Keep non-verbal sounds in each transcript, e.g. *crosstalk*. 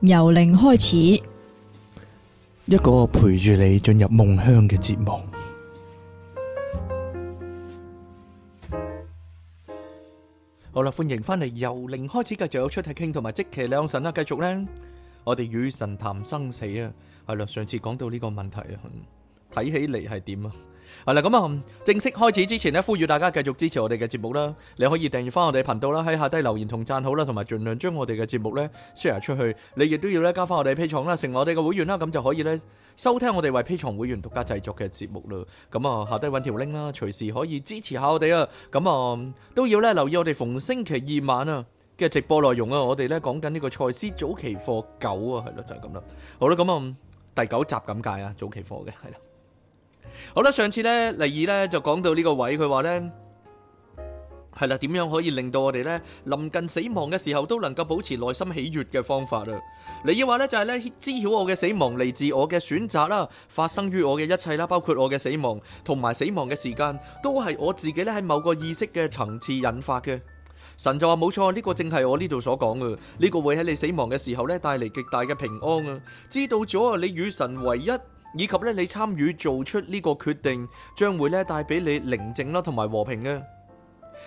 由零開始，一個陪住你進入夢鄉嘅節目。好啦，歡迎翻嚟由零開始繼，繼續有出嚟傾，同埋即其兩神啦。繼續咧，我哋與神談生死啊。係啦，上次講到呢個問題啊。睇起嚟係點啊？係啦，咁啊，正式開始之前呢，呼籲大家繼續支持我哋嘅節目啦。你可以訂閱翻我哋頻道啦，喺下低留言同贊好啦，同埋盡量將我哋嘅節目呢 share 出去。你亦都要咧加翻我哋 P 創啦，成為我哋嘅會員啦，咁就可以呢，收聽我哋為 P 創會員獨家製作嘅節目啦。咁、嗯、啊，下低揾條 link 啦，隨時可以支持下我哋啊。咁、嗯、啊，都要咧留意我哋逢星期二晚啊嘅直播內容啊。我哋咧講緊呢個賽斯早期貨九啊，係咯，就係咁啦。好啦，咁、嗯、啊，第九集咁解啊，早期貨嘅係啦。好啦，上次咧，尼爾咧就講到呢個位，佢話咧係啦，點樣可以令到我哋咧臨近死亡嘅時候都能夠保持內心喜悅嘅方法啊？尼爾話咧就係咧，知曉我嘅死亡嚟自我嘅選擇啦，發生於我嘅一切啦，包括我嘅死亡同埋死亡嘅時間，都係我自己咧喺某個意識嘅層次引發嘅。神就話冇錯，呢個正係我呢度所講嘅，呢個會喺你死亡嘅時候咧帶嚟極大嘅平安啊！知道咗你與神唯一。以及咧，你參與做出呢個決定，將會咧帶俾你寧靜啦，同埋和平嘅。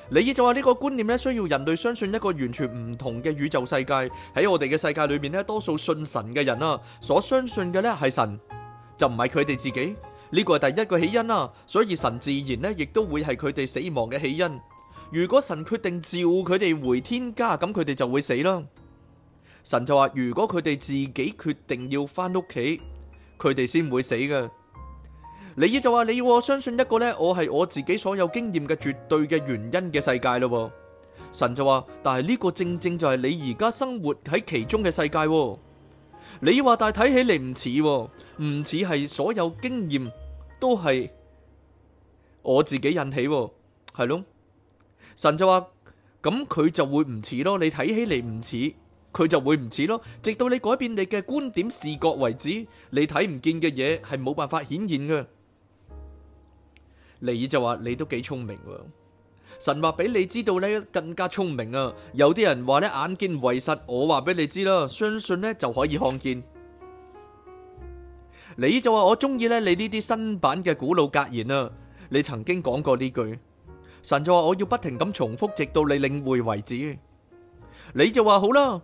李爾就話呢個觀念咧，需要人類相信一個完全唔同嘅宇宙世界。喺我哋嘅世界裏面，咧，多數信神嘅人啊，所相信嘅咧係神，就唔係佢哋自己。呢、這個係第一個起因啊，所以神自然咧亦都會係佢哋死亡嘅起因。如果神決定召佢哋回天家，咁佢哋就會死啦。神就話：如果佢哋自己決定要翻屋企。佢哋先唔會死㗎。尼爾就話，你相信一個呢，我係我自己所有經驗嘅絕對嘅原因嘅世界咯。神就話，但係呢個正正就係你而家生活喺其中嘅世界。你話，但係睇起嚟唔似，唔似係所有經驗都係我自己引起，係咯？神就話，咁佢就會唔似咯。你睇起嚟唔似。佢就會唔似咯，直到你改變你嘅觀點視覺為止，你睇唔見嘅嘢係冇辦法顯現嘅。尼爾就話，你都幾聰明。神話俾你知道呢更加聰明啊！有啲人話呢，眼見為實，我話俾你知啦，相信呢就可以看見。尼爾就話我中意呢你呢啲新版嘅古老格言啊！你曾經講過呢句，神就話我要不停咁重複，直到你領會為止。你就話好啦。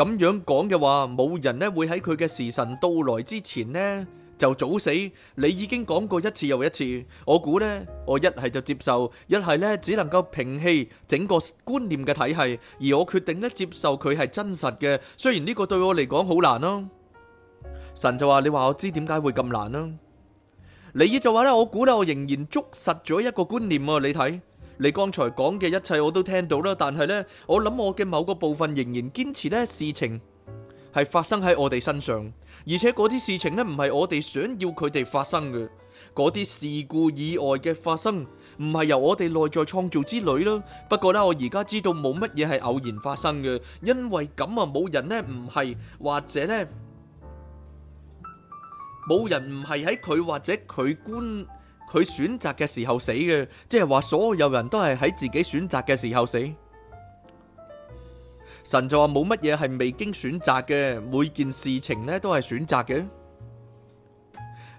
咁樣講嘅話，冇人呢會喺佢嘅時辰到來之前呢就早死。你已經講過一次又一次，我估呢，我一係就接受，一係呢，只能夠平息整個觀念嘅體系，而我決定呢接受佢係真實嘅。雖然呢個對我嚟講好難咯、啊，神就話你話我知點解會咁難咯、啊。尼爾就話呢我估呢我仍然捉實咗一個觀念啊，你睇。你剛才講嘅一切我都聽到啦，但係呢，我諗我嘅某個部分仍然堅持呢，事情係發生喺我哋身上，而且嗰啲事情呢唔係我哋想要佢哋發生嘅，嗰啲事故以外嘅發生唔係由我哋內在創造之類啦。不過呢，我而家知道冇乜嘢係偶然發生嘅，因為咁啊，冇人呢唔係或者呢，冇人唔係喺佢或者佢觀。佢選擇嘅時候死嘅，即係話所有人都係喺自己選擇嘅時候死。神就話冇乜嘢係未經選擇嘅，每件事情咧都係選擇嘅。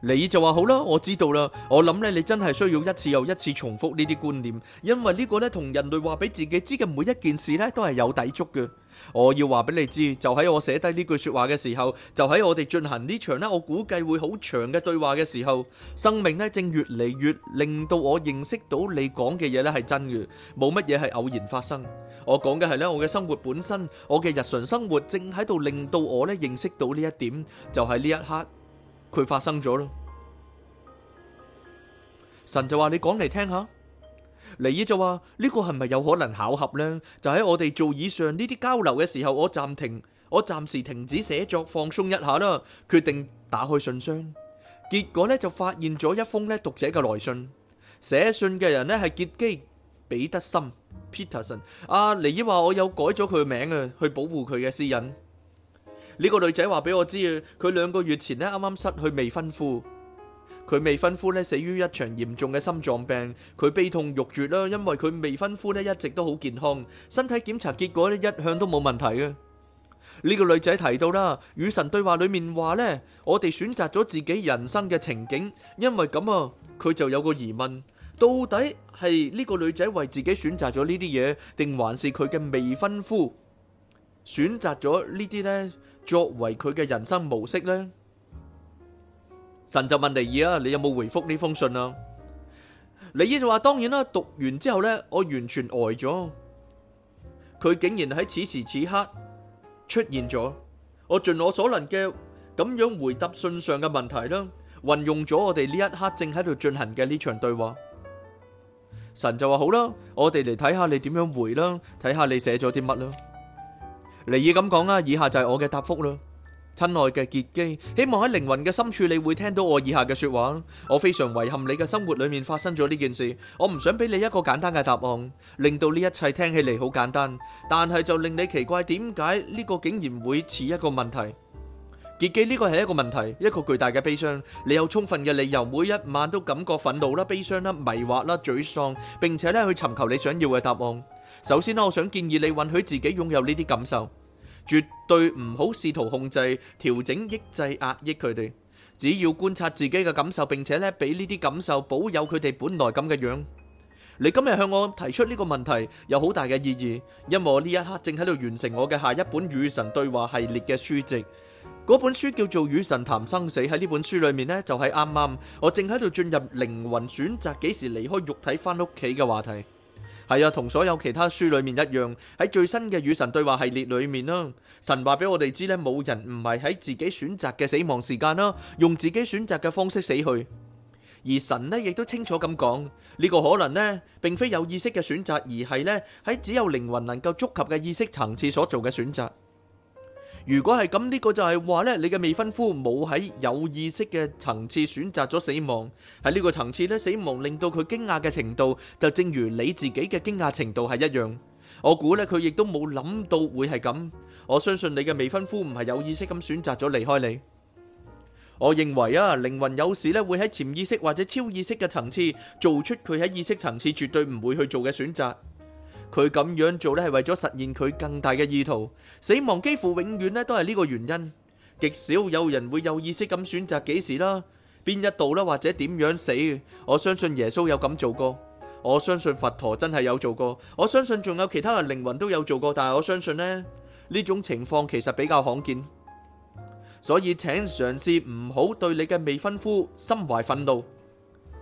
你就話好啦，我知道啦。我諗咧，你真係需要一次又一次重複呢啲觀念，因為呢個咧同人類話俾自己知嘅每一件事咧都係有抵觸嘅。我要話俾你知，就喺我寫低呢句說話嘅時候，就喺我哋進行呢場咧，我估計會好長嘅對話嘅時候，生命咧正越嚟越令到我認識到你講嘅嘢咧係真嘅，冇乜嘢係偶然發生。我講嘅係咧，我嘅生活本身，我嘅日常生活正喺度令到我咧認識到呢一點，就喺呢一刻佢發生咗啦。神就話：你講嚟聽下。尼爾就話：呢個係咪有可能巧合呢？就喺我哋做以上呢啲交流嘅時候，我暫停，我暫時停止寫作，放鬆一下啦。決定打開信箱，結果呢，就發現咗一封咧讀者嘅來信。寫信嘅人呢係傑基彼得森 （Peterson）。啊，尼爾話：我有改咗佢名啊，去保護佢嘅私隱。呢個女仔話俾我知啊，佢兩個月前呢啱啱失去未婚夫。佢未婚夫咧，死於一場嚴重嘅心臟病，佢悲痛欲絕啦，因為佢未婚夫咧，一直都好健康，身體檢查結果咧，一向都冇問題嘅。呢個女仔提到啦，與神對話裏面話呢，我哋選擇咗自己人生嘅情景，因為咁啊，佢就有個疑問，到底係呢個女仔為自己選擇咗呢啲嘢，定還是佢嘅未婚夫選擇咗呢啲呢？作為佢嘅人生模式呢？神就問尼爾啊，你有冇回覆呢封信啊？尼爾就話，當然啦，讀完之後呢，我完全呆咗。佢竟然喺此時此刻出現咗，我盡我所能嘅咁樣回答信上嘅問題啦，運用咗我哋呢一刻正喺度進行嘅呢場對話。神就話好啦，我哋嚟睇下你點樣回啦，睇下你寫咗啲乜啦。尼爾咁講啦，以下就係我嘅答覆啦。親愛嘅杰基，希望喺靈魂嘅深處，你會聽到我以下嘅說話。我非常遺憾你嘅生活裏面發生咗呢件事。我唔想俾你一個簡單嘅答案，令到呢一切聽起嚟好簡單，但係就令你奇怪點解呢個竟然會似一個問題。杰基，呢個係一個問題，一個巨大嘅悲傷。你有充分嘅理由，每一晚都感覺憤怒啦、悲傷啦、迷惑啦、沮喪，並且咧去尋求你想要嘅答案。首先啦，我想建議你允許自己擁有呢啲感受。絕對唔好試圖控制、調整、抑制、壓抑佢哋。只要觀察自己嘅感受，並且咧俾呢啲感受保有佢哋本來咁嘅樣。你今日向我提出呢個問題，有好大嘅意義，因為我呢一刻正喺度完成我嘅下一本《與神對話》系列嘅書籍。嗰本書叫做《與神談生死》，喺呢本書裏面呢，就係啱啱我正喺度進入靈魂選擇幾時離開肉體翻屋企嘅話題。係啊，同所有其他書裏面一樣，喺最新嘅與神對話系列裏面啦，神話俾我哋知咧，冇人唔係喺自己選擇嘅死亡時間啦，用自己選擇嘅方式死去，而神呢亦都清楚咁講，呢個可能呢，並非有意識嘅選擇，而係呢喺只有靈魂能夠觸及嘅意識層次所做嘅選擇。如果係咁，呢個就係話咧，你嘅未婚夫冇喺有意識嘅層次選擇咗死亡，喺呢個層次咧，死亡令到佢驚訝嘅程度，就正如你自己嘅驚訝程度係一樣。我估咧，佢亦都冇諗到會係咁。我相信你嘅未婚夫唔係有意識咁選擇咗離開你。我認為啊，靈魂有時咧會喺潛意識或者超意識嘅層次做出佢喺意識層次絕對唔會去做嘅選擇。佢咁樣做咧，係為咗實現佢更大嘅意圖。死亡幾乎永遠咧都係呢個原因，極少有人會有意識咁選擇幾時啦，邊一度啦，或者點樣死。我相信耶穌有咁做過，我相信佛陀真係有做過，我相信仲有其他嘅靈魂都有做過。但係我相信呢，呢種情況其實比較罕見。所以請嘗試唔好對你嘅未婚夫心懷憤怒。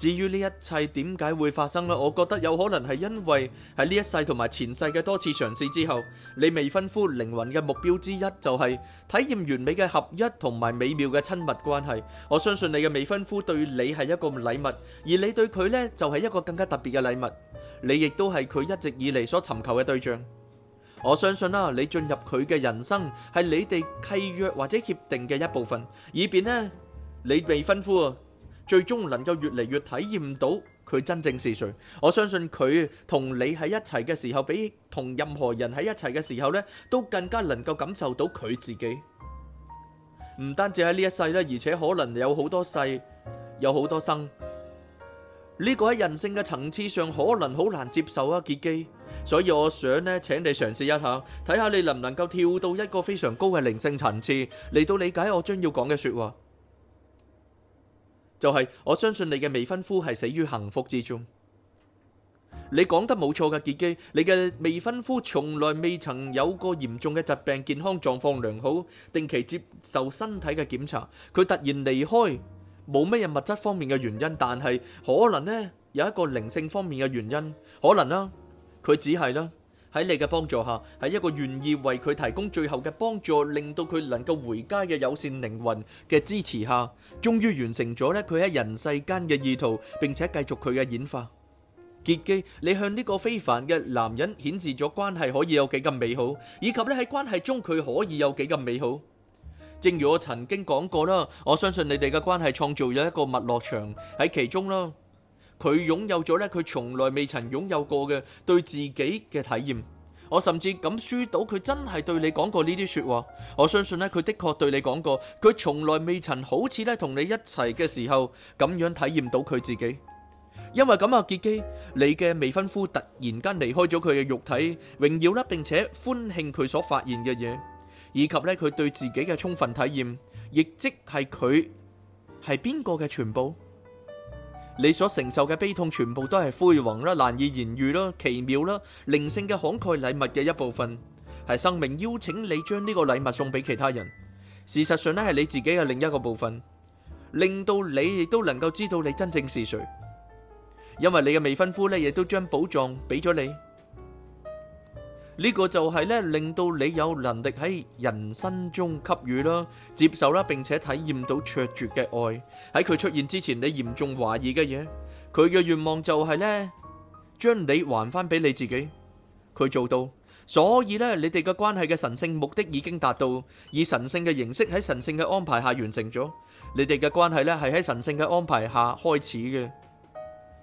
至於呢一切點解會發生呢？我覺得有可能係因為喺呢一世同埋前世嘅多次嘗試之後，你未婚夫靈魂嘅目標之一就係體驗完美嘅合一同埋美妙嘅親密關係。我相信你嘅未婚夫對你係一個禮物，而你對佢呢就係一個更加特別嘅禮物。你亦都係佢一直以嚟所尋求嘅對象。我相信啦，你進入佢嘅人生係你哋契約或者協定嘅一部分，以便呢，你未婚夫。最終能夠越嚟越體驗到佢真正是誰，我相信佢同你喺一齊嘅時候，比同任何人喺一齊嘅時候咧，都更加能夠感受到佢自己。唔單止喺呢一世啦，而且可能有好多世，有好多生。呢個喺人性嘅層次上，可能好難接受啊傑基。所以我想呢，請你嘗試一下，睇下你能唔能夠跳到一個非常高嘅靈性層次嚟到理解我將要講嘅說話。就係、是、我相信你嘅未婚夫係死於幸福之中。你講得冇錯嘅。傑基，你嘅未婚夫從來未曾有過嚴重嘅疾病，健康狀況良好，定期接受身體嘅檢查。佢突然離開，冇乜嘢物質方面嘅原因，但係可能呢，有一個靈性方面嘅原因，可能啦、啊，佢只係啦。喺你嘅幫助下，喺一個願意為佢提供最後嘅幫助，令到佢能夠回家嘅友善靈魂嘅支持下，終於完成咗咧佢喺人世間嘅意圖，並且繼續佢嘅演化。傑基，你向呢個非凡嘅男人顯示咗關係可以有幾咁美好，以及咧喺關係中佢可以有幾咁美好。正如我曾經講過啦，我相信你哋嘅關係創造咗一個脈絡場喺其中啦。佢擁有咗咧，佢從來未曾擁有過嘅對自己嘅體驗。我甚至感受到佢真係對你講過呢啲說話。我相信咧，佢的確對你講過。佢從來未曾好似咧同你一齊嘅時候咁樣體驗到佢自己。因為咁啊，傑基，你嘅未婚夫突然間離開咗佢嘅肉體，榮耀啦，並且歡慶佢所發現嘅嘢，以及咧佢對自己嘅充分體驗，亦即係佢係邊個嘅全部。你所承受嘅悲痛全部都係輝煌啦、難以言喻啦、奇妙啦、靈性嘅慷慨禮物嘅一部分，係生命邀請你將呢個禮物送俾其他人。事實上呢，係你自己嘅另一個部分，令到你亦都能夠知道你真正是誰，因為你嘅未婚夫呢，亦都將寶藏俾咗你。呢個就係咧，令到你有能力喺人生中給予啦、接受啦，並且體驗到卓絕嘅愛。喺佢出現之前，你嚴重懷疑嘅嘢，佢嘅願望就係咧，將你還翻俾你自己。佢做到，所以咧，你哋嘅關係嘅神聖目的已經達到，以神聖嘅形式喺神聖嘅安排下完成咗。你哋嘅關係咧係喺神聖嘅安排下開始嘅，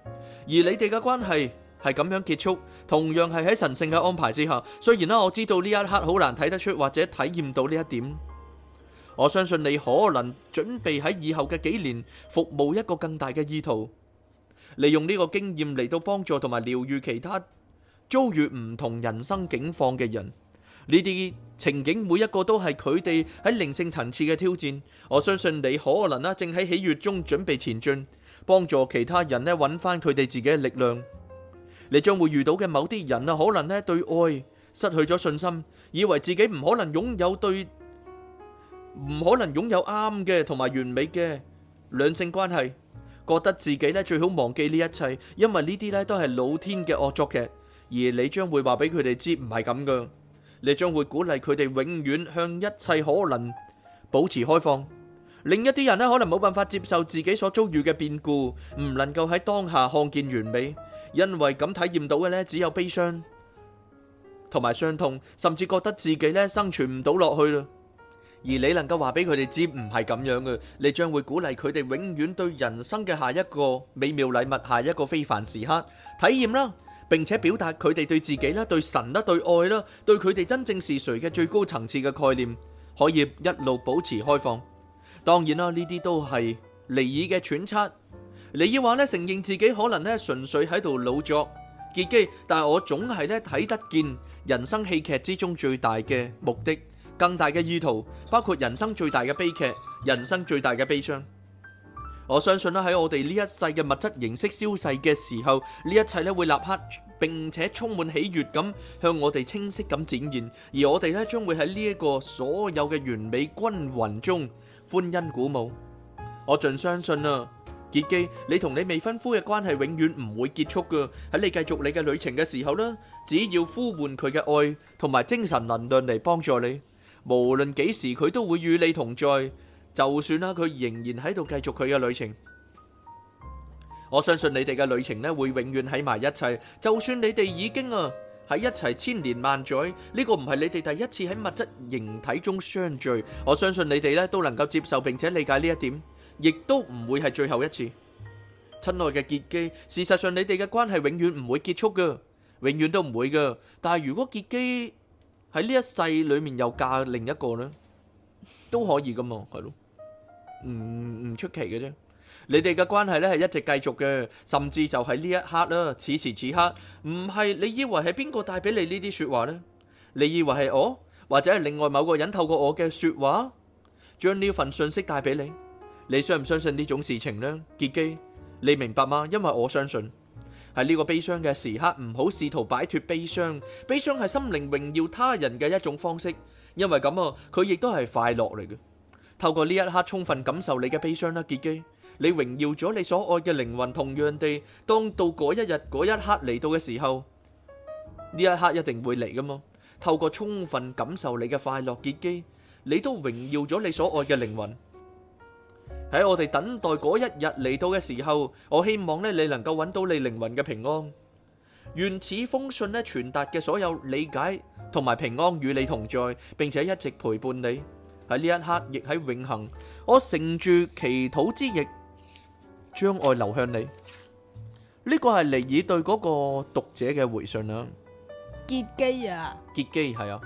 而你哋嘅關係。係咁樣結束，同樣係喺神聖嘅安排之下。雖然咧，我知道呢一刻好難睇得出或者體驗到呢一點。我相信你可能準備喺以後嘅幾年服務一個更大嘅意圖，利用呢個經驗嚟到幫助同埋療癒其他遭遇唔同人生境況嘅人。呢啲情景每一個都係佢哋喺靈性層次嘅挑戰。我相信你可能啦，正喺喜悅中準備前進，幫助其他人咧，揾返佢哋自己嘅力量。你將會遇到嘅某啲人啊，可能咧對愛失去咗信心，以為自己唔可能擁有對唔可能擁有啱嘅同埋完美嘅兩性關係，覺得自己咧最好忘記呢一切，因為呢啲咧都係老天嘅惡作劇。而你將會話俾佢哋知唔係咁嘅，你將會鼓勵佢哋永遠向一切可能保持開放。另一啲人咧可能冇辦法接受自己所遭遇嘅變故，唔能夠喺當下看見完美。因為咁體驗到嘅呢，只有悲傷同埋傷痛，甚至覺得自己呢生存唔到落去啦。而你能夠話俾佢哋知唔係咁樣嘅，你將會鼓勵佢哋永遠對人生嘅下一個美妙禮物，下一個非凡時刻體驗啦，並且表達佢哋對自己啦、對神啦、對愛啦、對佢哋真正是誰嘅最高層次嘅概念，可以一路保持開放。當然啦，呢啲都係尼爾嘅揣測。你要話咧承認自己可能咧純粹喺度老作，結機，但係我總係咧睇得見人生戲劇之中最大嘅目的，更大嘅意圖，包括人生最大嘅悲劇，人生最大嘅悲傷。我相信咧喺我哋呢一世嘅物質形式消逝嘅時候，呢一切咧會立刻並且充滿喜悅咁向我哋清晰咁展現，而我哋咧將會喺呢一個所有嘅完美均勻中歡欣鼓舞。我盡相信啊！傑基，你同你未婚夫嘅關係永遠唔會結束噶。喺你繼續你嘅旅程嘅時候啦，只要呼喚佢嘅愛同埋精神能量嚟幫助你，無論幾時佢都會與你同在。就算啦，佢仍然喺度繼續佢嘅旅程。我相信你哋嘅旅程咧會永遠喺埋一齊。就算你哋已經啊喺一齊千年萬載，呢個唔係你哋第一次喺物質形體中相聚。我相信你哋咧都能夠接受並且理解呢一點。亦都唔會係最後一次，親愛嘅傑基，事實上你哋嘅關係永遠唔會結束嘅，永遠都唔會嘅。但係如果傑基喺呢一世裏面又嫁另一個呢，都可以噶嘛，係咯，唔唔出奇嘅啫。你哋嘅關係呢係一直繼續嘅，甚至就喺呢一刻啦，此時此刻唔係你以為係邊個帶俾你呢啲說話呢？你以為係我或者係另外某個人透過我嘅說話將呢份信息帶俾你？你相唔相信呢種事情呢？傑基，你明白嗎？因為我相信，喺呢個悲傷嘅時刻，唔好試圖擺脫悲傷。悲傷係心靈榮耀他人嘅一種方式，因為咁啊，佢亦都係快樂嚟嘅。透過呢一刻充分感受你嘅悲傷啦，傑基，你榮耀咗你所愛嘅靈魂。同樣地，當到嗰一日嗰一刻嚟到嘅時候，呢一刻一定會嚟噶嘛。透過充分感受你嘅快樂，傑基，你都榮耀咗你所愛嘅靈魂。喺我哋等待嗰一日嚟到嘅時候，我希望咧你能夠揾到你靈魂嘅平安。願此封信咧傳達嘅所有理解同埋平安與你同在，並且一直陪伴你喺呢一刻，亦喺永恒。我乘住祈禱之翼，將愛流向你。呢、這個係尼爾對嗰個讀者嘅回信啦。杰基啊？杰基係啊，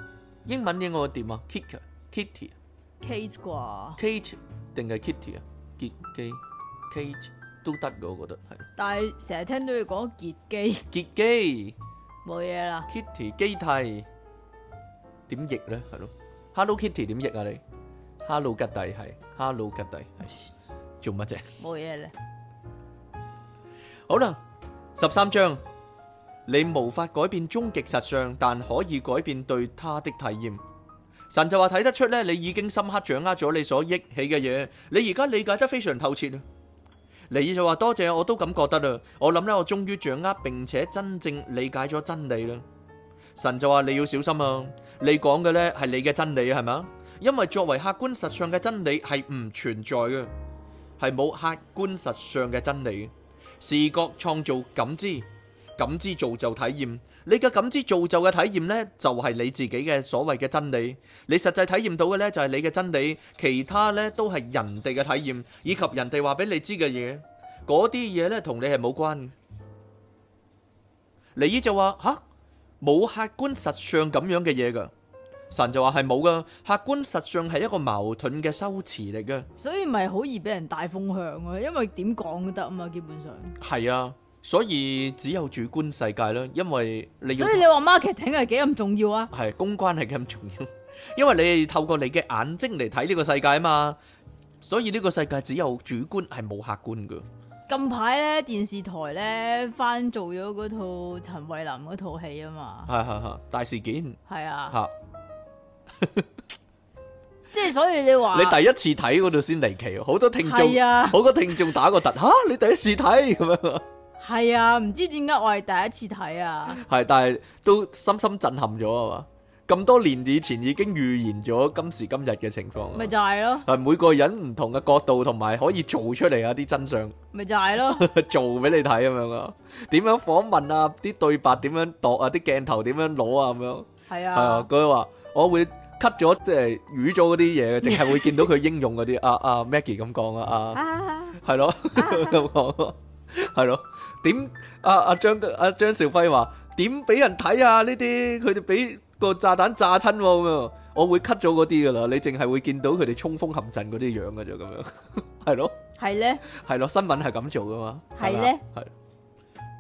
英文英文點啊？Kitty，Kitty，Cage 啩？Cage 定係 Kitty 啊？杰基，cage 都得，我覺得係。但係成日聽到佢講杰基，杰基冇嘢啦。Kitty 基蒂點譯呢？係咯，Hello Kitty 點譯啊？你 Hello 吉弟係，Hello 吉弟係做乜啫？冇嘢咧。好啦，十三章，你無法改變終極實相，但可以改變對它的體驗。神就話睇得出咧，你已經深刻掌握咗你所憶起嘅嘢，你而家理解得非常透徹啊！你就話多謝，我都咁覺得啊！我諗咧，我終於掌握並且真正理解咗真理啦！神就話你要小心啊！你講嘅咧係你嘅真理啊，係嘛？因為作為客觀實相嘅真理係唔存在嘅，係冇客觀實相嘅真理，視覺創造感知。感知造就體驗，你嘅感知造就嘅體驗咧，就係你自己嘅所謂嘅真理。你實際體驗到嘅咧，就係你嘅真理，其他咧都係人哋嘅體驗，以及人哋話俾你知嘅嘢。嗰啲嘢咧，同你係冇關嘅。尼爾就話吓，冇客觀實相咁樣嘅嘢噶？神就話係冇噶，客觀實相係一個矛盾嘅修辭嚟噶。所以咪好易俾人帶風向啊，因為點講都得啊嘛，基本上係啊。所以只有主觀世界啦，因為你要。所以你話 marketing 係幾咁重要啊？係公關係咁重要，因為你透過你嘅眼睛嚟睇呢個世界啊嘛。所以呢個世界只有主觀係冇客觀噶。近排咧電視台咧翻做咗嗰套陳慧琳嗰套戲啊嘛。係係係大事件。係啊。嚇！ *laughs* *laughs* 即係所以你話你第一次睇嗰度先離奇，好多聽眾啊好多聽眾打個突嚇，你第一次睇咁樣。 *laughs* 係啊，唔知點解我係第一次睇啊！係，但係都深深震撼咗啊嘛！咁多年以前已經預言咗今時今日嘅情況，咪就係咯。係每個人唔同嘅角度同埋可以做出嚟啊啲真相，咪就係咯，做俾你睇咁樣咯。點樣訪問啊？啲對白點樣度啊？啲鏡頭點樣攞啊？咁樣係啊，係啊。佢話我會 cut 咗即係淤咗嗰啲嘢，淨係會見到佢英勇嗰啲。阿阿 Maggie 咁講啊，係咯咁講咯，係咯。點阿阿張阿張兆輝話點俾人睇啊？呢啲佢哋俾個炸彈炸親，咁啊我會 cut 咗嗰啲噶啦，你淨係會見到佢哋衝鋒陷陣嗰啲樣噶咋咁樣，係 *laughs* 咯？係咧呢？係咯？新聞係咁做噶嘛？係咧呢？係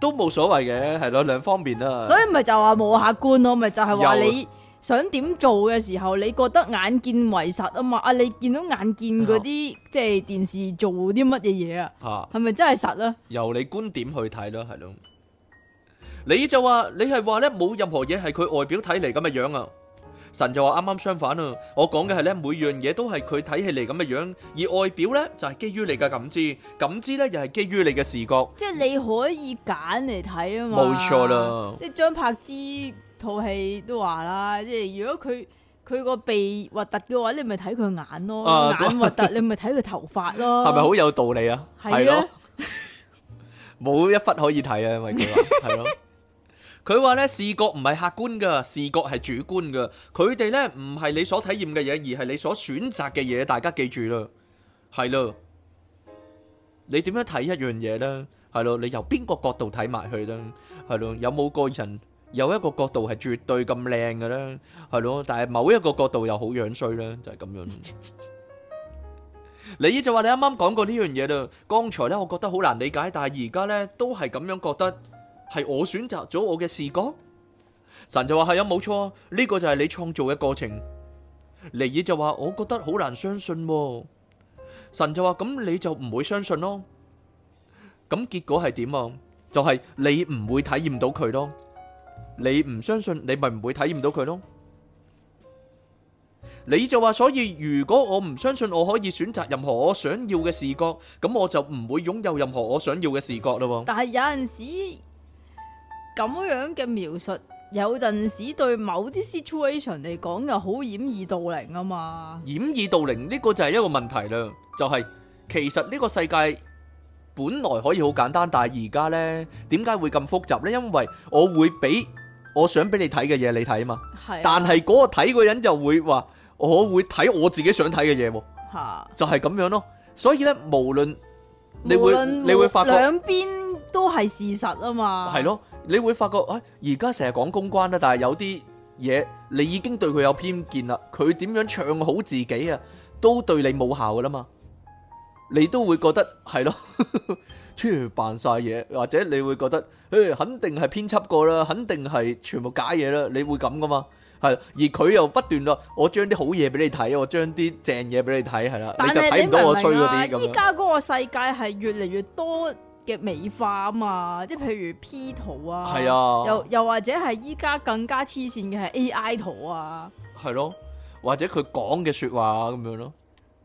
都冇所謂嘅，係咯？兩方面啊，所以咪就話冇客觀咯，咪 *laughs* 就係話你。想點做嘅時候，你覺得眼見為實啊嘛？啊，你見到眼見嗰啲即係電視做啲乜嘢嘢啊？係咪真係實啊？由你觀點去睇咯，係咯。你就話你係話咧，冇任何嘢係佢外表睇嚟，咁嘅樣啊。神就話啱啱相反啊。我講嘅係咧，每樣嘢都係佢睇起嚟咁嘅樣，而外表咧就係基於你嘅感知，感知咧又係基於你嘅視覺。即係你可以揀嚟睇啊嘛。冇錯啦。即係張柏芝。套戲都話啦，即係如果佢佢個鼻核突嘅話，你咪睇佢眼咯；眼核突，你咪睇佢頭髮咯。係咪好有道理啊？係咯，冇一忽可以睇啊！咪佢話係咯，佢話咧視覺唔係客觀㗎，視覺係主觀㗎。佢哋咧唔係你所體驗嘅嘢，而係你所選擇嘅嘢。大家記住啦，係咯，你點樣睇一樣嘢咧？係咯，你由邊個角度睇埋去咧？係咯，有冇個人？有一個角度係絕對咁靚嘅啦，係咯，但係某一個角度又好樣衰啦，就係咁樣。尼爾就話你啱啱講過呢樣嘢啦，剛才咧，我覺得好難理解，但係而家咧都係咁樣覺得，係我選擇咗我嘅視角。神就話係啊，冇錯，呢個就係你創造嘅過程。尼爾就話我覺得好難相信，神就話咁你就唔會相信咯。咁結果係點啊？就係你唔會體驗到佢咯。你唔相信，你咪唔會體驗到佢咯。你就話，所以如果我唔相信，我可以選擇任何我想要嘅視覺，咁我就唔會擁有任何我想要嘅視覺咯。但係有陣時咁樣嘅描述，有陣時對某啲 situation 嚟講又好掩耳盜鈴啊嘛。掩耳盜鈴呢個就係一個問題啦，就係其實呢個世界。本來可以好簡單，但係而家呢，點解會咁複雜呢？因為我會俾我想俾你睇嘅嘢你睇嘛。啊、但係嗰個睇個人就會話，我會睇我自己想睇嘅嘢，啊、就係咁樣咯。所以呢，無論你會無論無你會發覺兩邊都係事實啊嘛。係咯、啊，你會發覺誒，而家成日講公關咧，但係有啲嘢你已經對佢有偏見啦，佢點樣唱好自己啊，都對你冇效噶啦嘛。你都會覺得係咯， *laughs* 突然扮晒嘢，或者你會覺得，誒肯定係編輯過啦，肯定係全部假嘢啦，你會咁噶嘛？係，而佢又不斷咯，我將啲好嘢俾你睇，我將啲正嘢俾你睇，係啦，但是 你就睇唔到我衰嗰啲咁。依家嗰個世界係越嚟越多嘅美化啊嘛，即係譬如 P 圖啊，啊又又或者係依家更加黐線嘅係 AI 圖啊，係咯，或者佢講嘅説話咁樣咯。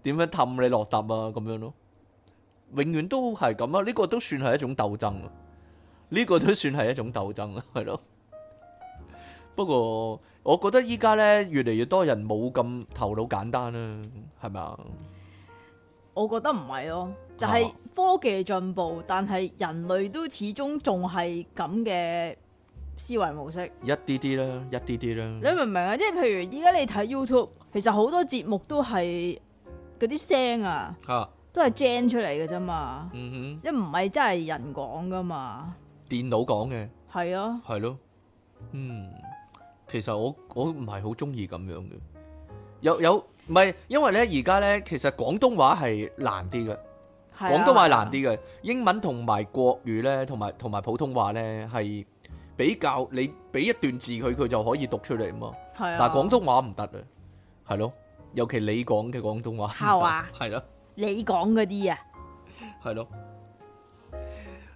點樣氹你落搭啊？咁樣咯，永遠都係咁啊！呢、這個都算係一種鬥爭，呢、這個都算係一種鬥爭，係咯。 *laughs* 不過我覺得依家咧，越嚟越多人冇咁頭腦簡單啦，係咪啊？我覺得唔係咯，就係、是、科技進步，啊、但係人類都始終仲係咁嘅思維模式，一啲啲啦，一啲啲啦。你明唔明啊？即係譬如依家你睇 YouTube，其實好多節目都係。嗰啲聲啊，啊都係 j a n 出嚟嘅啫嘛，嗯、哼因為唔係真係人講噶嘛，電腦講嘅，係咯、啊，係咯、啊，嗯，其實我我唔係好中意咁樣嘅，有有唔係因為咧而家咧，其實廣東話係難啲嘅，啊、廣東話係難啲嘅，啊、英文同埋國語咧，同埋同埋普通話咧，係比較你俾一段字佢，佢就可以讀出嚟嘛，但係廣東話唔得啊，係咯、啊。尤其你講嘅廣東話係啊，係咯，你講嗰啲啊，係咯，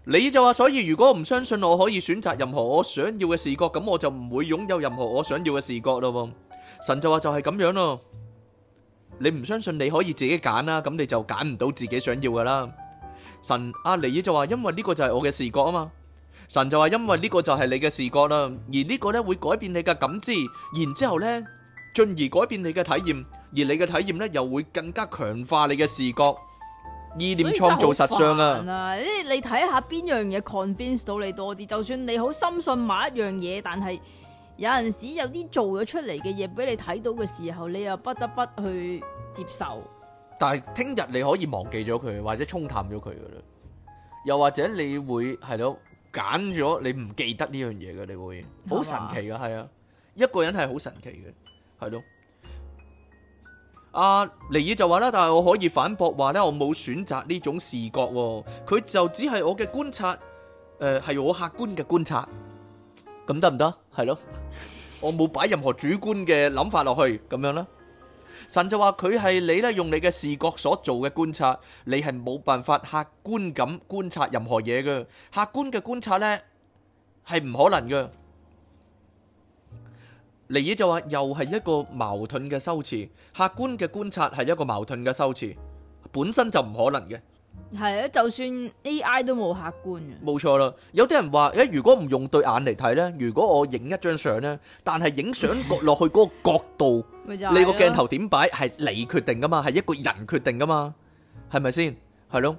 你就話，所以如果唔相信我可以選擇任何我想要嘅視覺，咁我就唔會擁有任何我想要嘅視覺咯。神就話，就係咁樣咯，你唔相信你可以自己揀啦，咁你就揀唔到自己想要㗎啦。神阿尼爾就話，因為呢個就係我嘅視覺啊嘛。神就話，因為呢個就係你嘅視覺啦，而呢個呢會改變你嘅感知，然之後呢進而改變你嘅體驗。而你嘅體驗咧，又會更加強化你嘅視覺、 *coughs* 意念、創造、實相啊！呢、啊、你睇下邊樣嘢 convince 到你多啲？就算你好深信某一樣嘢，但係有陣時有啲做咗出嚟嘅嘢俾你睇到嘅時候，你又不得不去接受。但係聽日你可以忘記咗佢，或者沖淡咗佢噶啦。又或者你會係咯，揀咗你唔記得呢樣嘢嘅，你會好神奇嘅。係啊， *laughs* 一個人係好神奇嘅，係咯。阿、啊、尼爾就話啦，但係我可以反駁話咧，我冇選擇呢種視覺，佢就只係我嘅觀察，誒、呃、係我客觀嘅觀察，咁得唔得？係咯， *laughs* 我冇擺任何主觀嘅諗法落去，咁樣啦。神就話佢係你咧，用你嘅視覺所做嘅觀察，你係冇辦法客觀咁觀察任何嘢嘅，客觀嘅觀察咧係唔可能嘅。嚟嘢就話，又係一個矛盾嘅修辭，客觀嘅觀察係一個矛盾嘅修辭，本身就唔可能嘅。係啊，就算 AI 都冇客觀嘅。冇錯啦，有啲人話，誒，如果唔用對眼嚟睇呢，如果我影一張相呢，但係影相落去嗰個角度，你個鏡頭點擺係你決定噶嘛，係一個人決定噶嘛，係咪先？係咯。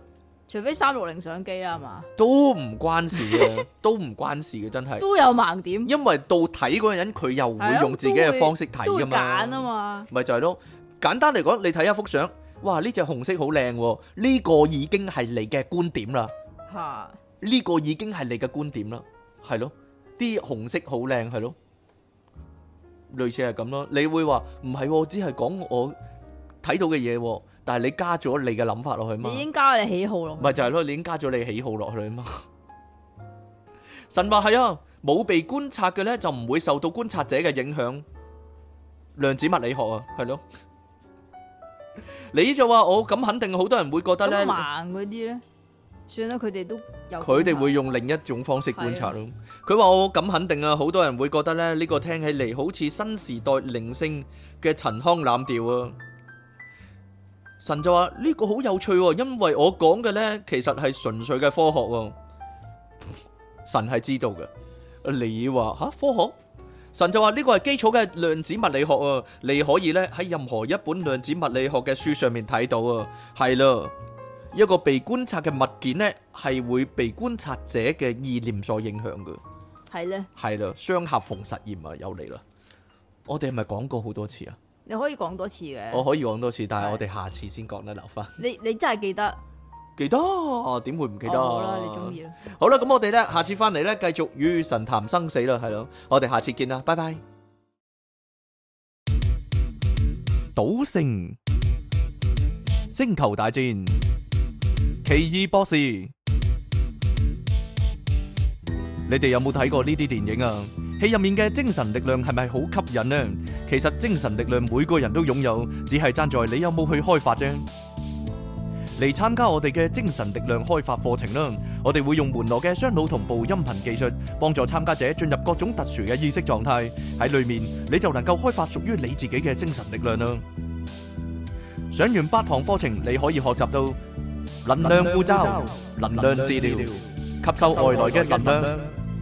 除非三六零相機啦嘛，都唔關事嘅，都唔關事嘅，真係都有盲點。因為到睇嗰個人，佢又會用自己嘅方式睇㗎嘛。都揀啊嘛。咪就係咯。簡單嚟講，你睇一幅相，哇！呢隻紅色好靚喎，呢個已經係你嘅觀點啦。嚇！呢個已經係你嘅觀點啦，係咯？啲紅色好靚，係咯？類似係咁咯。你會話唔係，只係講我睇到嘅嘢喎。但係你加咗你嘅諗法落去啊嘛，你已經加你喜好咯，咪就係咯，你已經加咗你喜好落去啊嘛。神話係啊，冇被觀察嘅咧就唔會受到觀察者嘅影響。量子物理學啊，係咯。你就話我咁肯定，好多人會覺得咧，盲嗰啲咧，算啦，佢哋都有，佢哋會用另一種方式觀察咯。佢話我咁肯定啊，好多人會覺得咧，呢個聽起嚟好似新時代靈性嘅陳腔濫調啊。神就話呢、這個好有趣、哦，因為我講嘅呢其實係純粹嘅科學、哦， *laughs* 神係知道嘅。你話吓、啊、科學？神就話呢、這個係基礎嘅量子物理學啊、哦，你可以呢喺任何一本量子物理學嘅書上面睇到啊、哦，係啦，一個被觀察嘅物件呢係會被觀察者嘅意念所影響嘅，係咧的，係啦，雙狹縫實驗啊，有你啦，我哋係咪講過好多次啊？你可以講多次嘅，我可以講多次，但係我哋下次先講得留翻。你你真係記得？記得哦，點會唔記得？啊記得哦、好啦，你中意好啦，咁我哋咧，下次翻嚟咧，繼續與神談生死啦，係咯。我哋下次見啦，拜拜。賭聖、星球大戰、奇異博士，你哋有冇睇過呢啲電影啊？戲入面嘅精神力量係咪好吸引呢？其實精神力量每個人都擁有，只係爭在你有冇去開發啫。嚟參加我哋嘅精神力量開發課程啦，我哋會用門羅嘅雙腦同步音頻技術，幫助參加者進入各種特殊嘅意識狀態，喺裏面你就能夠開發屬於你自己嘅精神力量啦。上完八堂課程，你可以學習到能量護罩、能量治療、吸收外來嘅能量。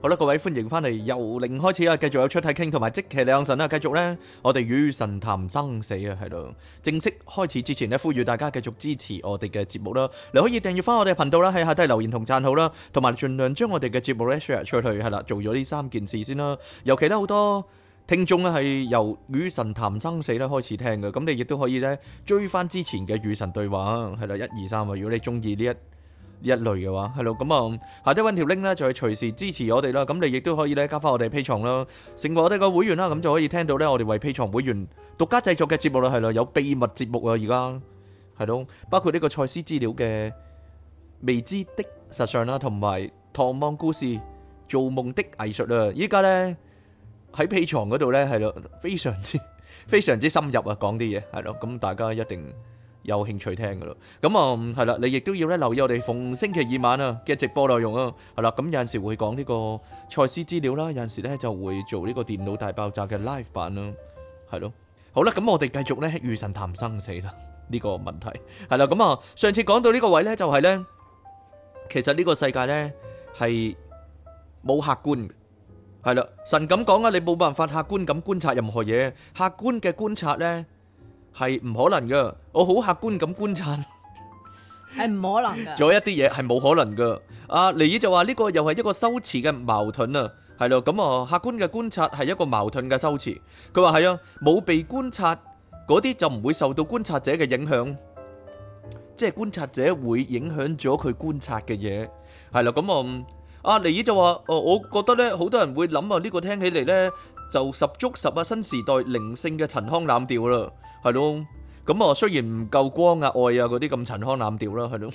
好啦，各位歡迎翻嚟，由零開始啊，繼續有出體傾，同埋即期兩神啦，繼續呢，我哋與神談生死啊，係咯，正式開始之前呢，呼籲大家繼續支持我哋嘅節目啦，你可以訂閱翻我哋頻道啦，喺下低留言同讚好啦，同埋盡量將我哋嘅節目 share 出去，係啦，做咗呢三件事先啦，尤其呢，好多聽眾呢係由與神談生死咧開始聽嘅，咁你亦都可以呢追翻之前嘅與神對話，係啦，一二三啊，如果你中意呢一。一類嘅話係咯，咁啊，下低揾條 link 咧就係隨時支持我哋啦，咁你亦都可以咧加翻我哋 Patreon 啦，成為我哋個會員啦，咁就可以聽到咧我哋為 Patreon 會員獨家製作嘅節目啦，係咯，有秘密節目啊，而家係咯，包括呢個賽斯資料嘅未知的實相啦，同埋唐望故事、做夢的藝術啊，依家咧喺 Patreon 嗰度咧係咯，非常之非常之深入啊，講啲嘢係咯，咁大家一定有興趣聽噶咯，咁啊係啦，你亦都要咧留意我哋逢星期二晚啊嘅直播內容啊，係啦，咁有陣時會講呢個賽斯資料啦，有陣時咧就會做呢個電腦大爆炸嘅 live 版啊，係咯，好啦，咁我哋繼續咧與神談生死啦，呢個問題係啦，咁啊上次講到呢個位咧就係咧，其實呢個世界咧係冇客觀嘅，係啦，神咁講啊，你冇辦法客觀咁觀察任何嘢，客觀嘅觀察咧。係唔可能噶，我好客觀咁觀察，係 *laughs* 唔可能噶。仲有一啲嘢係冇可能噶。阿、啊、尼爾就話呢、這個又係一個修辭嘅矛盾啊，係咯，咁、嗯、啊客觀嘅觀察係一個矛盾嘅修辭。佢話係啊，冇被觀察嗰啲就唔會受到觀察者嘅影響，即、就、係、是、觀察者會影響咗佢觀察嘅嘢，係咯，咁、嗯、啊，阿尼爾就話，誒、呃，我覺得咧，好多人會諗啊，呢個聽起嚟咧，就十足十啊，新時代靈性嘅陳腔濫調啦，係咯。咁啊，雖然唔夠光啊、愛啊嗰啲咁陳腔濫調啦，係咯。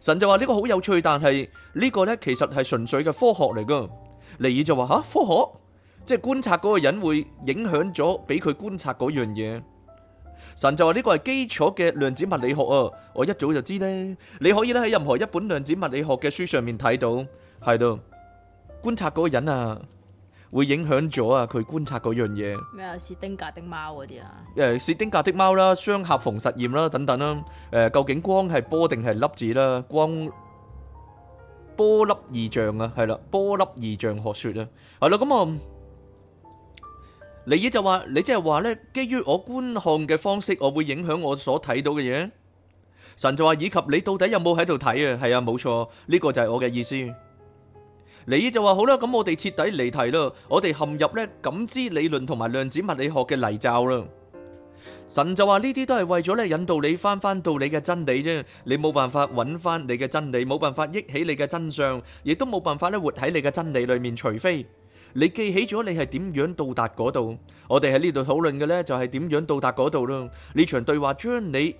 神就話呢個好有趣，但係呢個咧其實係純粹嘅科學嚟噶。尼爾就話吓，科學即係觀察嗰個人會影響咗俾佢觀察嗰樣嘢。神就話呢個係基礎嘅量子物理學啊，我一早就知咧。你可以咧喺任何一本量子物理學嘅書上面睇到，係咯。觀察嗰個人啊。會影響咗啊！佢觀察嗰樣嘢咩啊？薛丁格的貓嗰啲啊？誒，薛丁格的貓啦，雙狹縫實驗啦，等等啦。誒，究竟光係波定係粒子啦？光波粒二象啊，係啦，波粒二象學説啊，係啦。咁啊，尼爾就話：你即係話咧，基於我觀看嘅方式，我會影響我所睇到嘅嘢。神就話：以及你到底有冇喺度睇啊？係啊，冇錯，呢個就係我嘅意思。你就話好啦，咁我哋徹底離題啦，我哋陷入咧感知理論同埋量子物理學嘅泥沼啦。神就話呢啲都係為咗咧引導你翻翻到你嘅真理啫，你冇辦法揾翻你嘅真理，冇辦法憶起你嘅真相，亦都冇辦法咧活喺你嘅真理裏面，除非你記起咗你係點樣到達嗰度。我哋喺呢度討論嘅咧就係點樣到達嗰度啦。呢場對話將你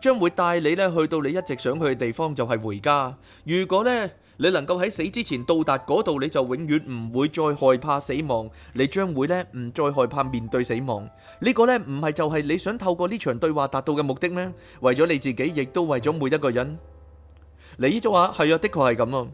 將會帶你咧去到你一直想去嘅地方，就係回家。如果咧，你能夠喺死之前到達嗰度，你就永遠唔會再害怕死亡。你將會咧唔再害怕面對死亡。呢個咧唔係就係你想透過呢場對話達到嘅目的咩？為咗你自己，亦都為咗每一個人。你呢種話，係啊，的確係咁啊。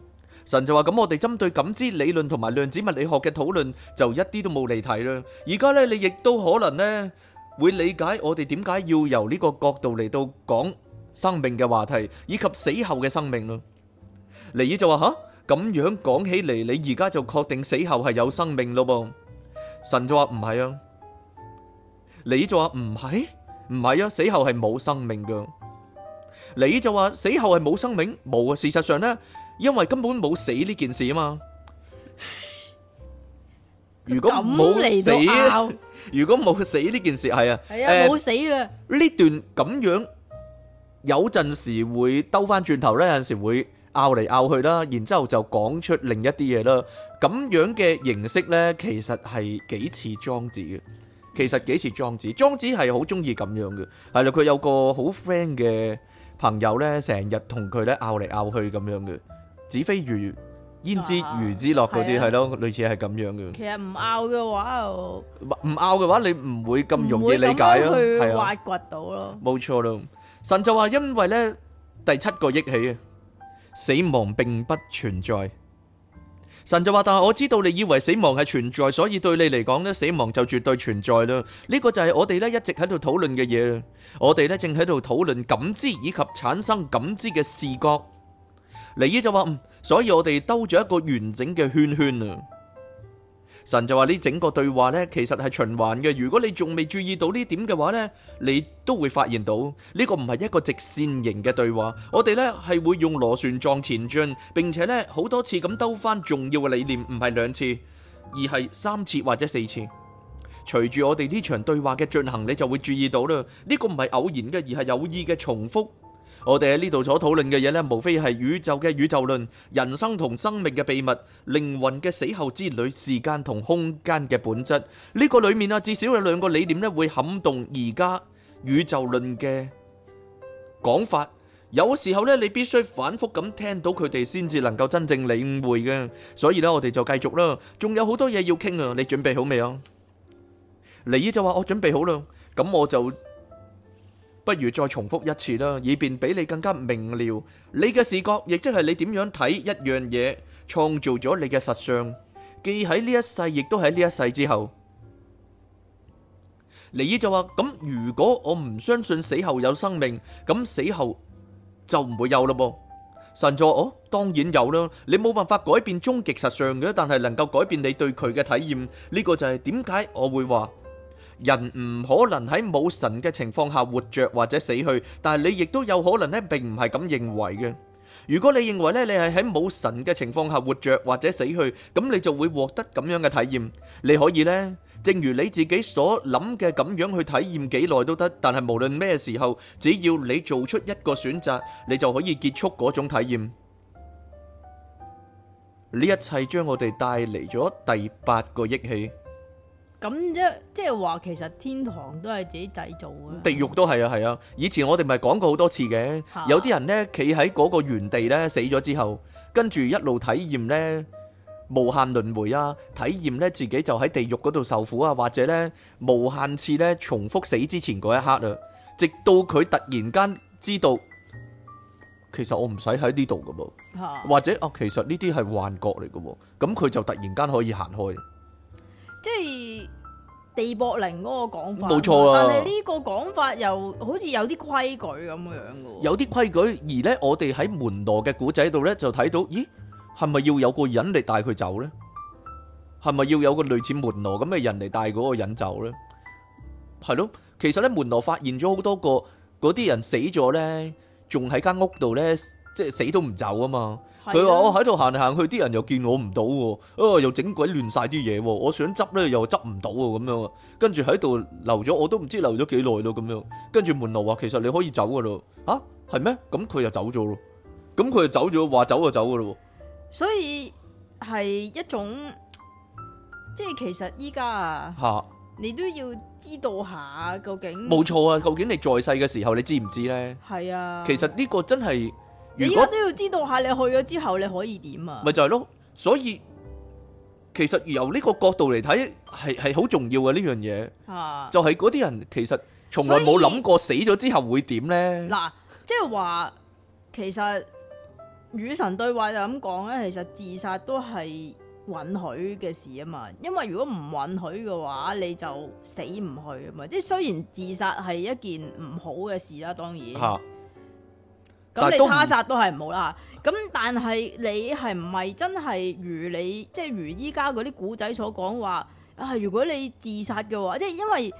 神就話咁，我哋針對感知理論同埋量子物理學嘅討論就一啲都冇離題啦。而家咧，你亦都可能咧會理解我哋點解要由呢個角度嚟到講生命嘅話題以及死後嘅生命咯。你就話吓，咁樣講起嚟，你而家就確定死後係有生命咯？噃，神就話唔係啊，你就話唔係，唔係啊，死後係冇生命噶。你就話死後係冇生命，冇啊。事實上咧，因為根本冇死呢件事啊嘛。如果冇死，如果冇死呢件事係啊，係啊，冇死咧。呢段咁樣有陣時會兜翻轉頭咧，有陣時會。拗嚟拗去啦，然之後就講出另一啲嘢啦。咁樣嘅形式咧，其實係幾似莊子嘅。其實幾似莊子，莊子係好中意咁樣嘅。係咯，佢有個好 friend 嘅朋友咧，成日同佢咧拗嚟拗去咁樣嘅。子非魚，焉知魚之樂？嗰啲係咯，類似係咁樣嘅。其實唔拗嘅話，唔唔拗嘅話，你唔會咁容易理解咯。係啊，去挖掘到咯。冇錯咯。神就話，因為咧第七個益起啊。死亡並不存在，神就話，但係我知道你以為死亡係存在，所以對你嚟講咧，死亡就絕對存在啦。呢、這個就係我哋咧一直喺度討論嘅嘢，我哋咧正喺度討論感知以及產生感知嘅視覺。尼爾就話，嗯，所以我哋兜咗一個完整嘅圈圈啊。神就話呢，整個對話呢，其實係循環嘅。如果你仲未注意到呢點嘅話呢，你都會發現到呢個唔係一個直線型嘅對話。我哋呢係會用螺旋狀前進，並且呢好多次咁兜翻重要嘅理念，唔係兩次，而係三次或者四次。隨住我哋呢場對話嘅進行，你就會注意到啦。呢個唔係偶然嘅，而係有意嘅重複。我哋喺呢度所討論嘅嘢呢，無非係宇宙嘅宇宙論、人生同生命嘅秘密、靈魂嘅死後之旅、時間同空間嘅本質。呢個裏面啊，至少有兩個理念呢會撼動而家宇宙論嘅講法。有時候呢，你必須反覆咁聽到佢哋先至能夠真正領會嘅。所以呢，我哋就繼續啦，仲有好多嘢要傾啊！你準備好未啊？黎姨就話我準備好啦，咁我就。不如再重複一次啦，以便俾你更加明了。你嘅視覺，亦即係你點樣睇一樣嘢，創造咗你嘅實相，既喺呢一世，亦都喺呢一世之後。尼爾就話：，咁如果我唔相信死後有生命，咁死後就唔會有咯噃。神就話：，哦，當然有啦，你冇辦法改變終極實相嘅，但係能夠改變你對佢嘅體驗。呢個就係點解我會話。人唔可能喺冇神嘅情況下活着，或者死去，但係你亦都有可能咧，並唔係咁認為嘅。如果你認為咧，你係喺冇神嘅情況下活着或者死去，咁你就會獲得咁樣嘅體驗。你可以咧，正如你自己所諗嘅咁樣去體驗幾耐都得，但係無論咩時候，只要你做出一個選擇，你就可以結束嗰種體驗。呢一切將我哋帶嚟咗第八個憶起。咁即即係話，就是，其實天堂都係自己製造嘅，地獄都係啊，係啊。以前我哋咪講過好多次嘅，有啲人呢企喺嗰個原地呢，死咗之後，跟住一路體驗呢無限輪迴啊，體驗呢自己就喺地獄嗰度受苦啊，或者呢無限次呢重複死之前嗰一刻啊，直到佢突然間知道，其實我唔使喺呢度嘅噃。啊、或者哦、啊，其實呢啲係幻覺嚟嘅，啊，咁佢就突然間可以行開，即係。地博靈嗰個講法，冇錯啦。但係呢個講法又好似有啲規矩咁樣嘅喎。有啲規矩，而咧我哋喺門羅嘅古仔度咧就睇到，咦，係咪要有個人嚟帶佢走咧？係咪要有個類似門羅咁嘅人嚟帶嗰個人走咧？係咯，其實咧門羅發現咗好多個嗰啲人死咗咧，仲喺間屋度咧，即係死都唔走啊嘛。佢話：我喺度行嚟行去，啲人又見我唔到喎，又整鬼亂晒啲嘢喎，我想執咧又執唔到喎，咁樣，跟住喺度留咗，我都唔知留咗幾耐咯，咁樣，跟住門奴話其實你可以走噶咯，吓、啊？係咩？咁佢又走咗咯，咁佢就走咗，話走就走噶咯。所以係一種，即係其實依家啊，你都要知道下究竟。冇錯啊，究竟你在世嘅時候，你知唔知咧？係啊，其實呢個真係。而家都要知道下你去咗之後你可以點啊？咪就係咯，所以其實由呢個角度嚟睇，係係好重要嘅呢樣嘢。啊、就係嗰啲人其實從來冇諗過死咗之後會點咧。嗱，即係話其實與神對話就咁講咧，其實自殺都係允許嘅事啊嘛。因為如果唔允許嘅話，你就死唔去啊嘛。即係雖然自殺係一件唔好嘅事啦、啊，當然。啊咁你他殺都係唔好啦。咁但係你係唔係真係如你即係如依家嗰啲古仔所講話啊？如果你自殺嘅話，即係因為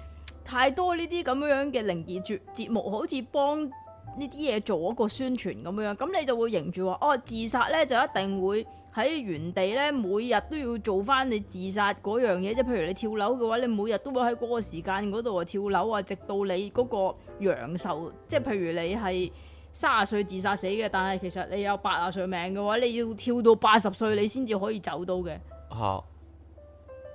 太多呢啲咁樣嘅靈異節節目，好似幫呢啲嘢做一個宣傳咁樣。咁你就會迎住話哦，自殺呢就一定會喺原地呢，每日都要做翻你自殺嗰樣嘢。即係譬如你跳樓嘅話，你每日都會喺嗰個時間嗰度啊跳樓啊，直到你嗰個陽壽。即係譬如你係。卅歲自殺死嘅，但係其實你有八十歲命嘅話，你要跳到八十歲你先至可以走到嘅。吓、啊，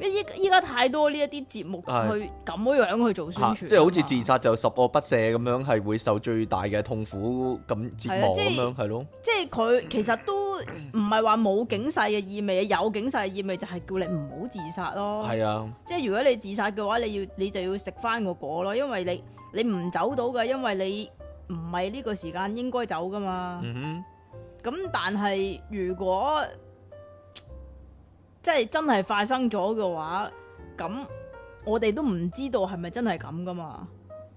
依依家太多呢一啲節目去咁是樣去做宣傳、啊，即係好似自殺就十惡不赦咁樣，係會受最大嘅痛苦咁折磨咁樣，係、啊、咯？即係佢其實都唔係話冇警示嘅意味，有警示嘅意味就係叫你唔好自殺咯。係啊，即係如果你自殺嘅話，你要你就要食翻個果咯，因為你你唔走到噶，因為你。你唔係呢個時間應該走噶嘛？咁、嗯、哼但係如果即係真係發生咗嘅話，咁我哋都唔知道係咪真係咁噶嘛？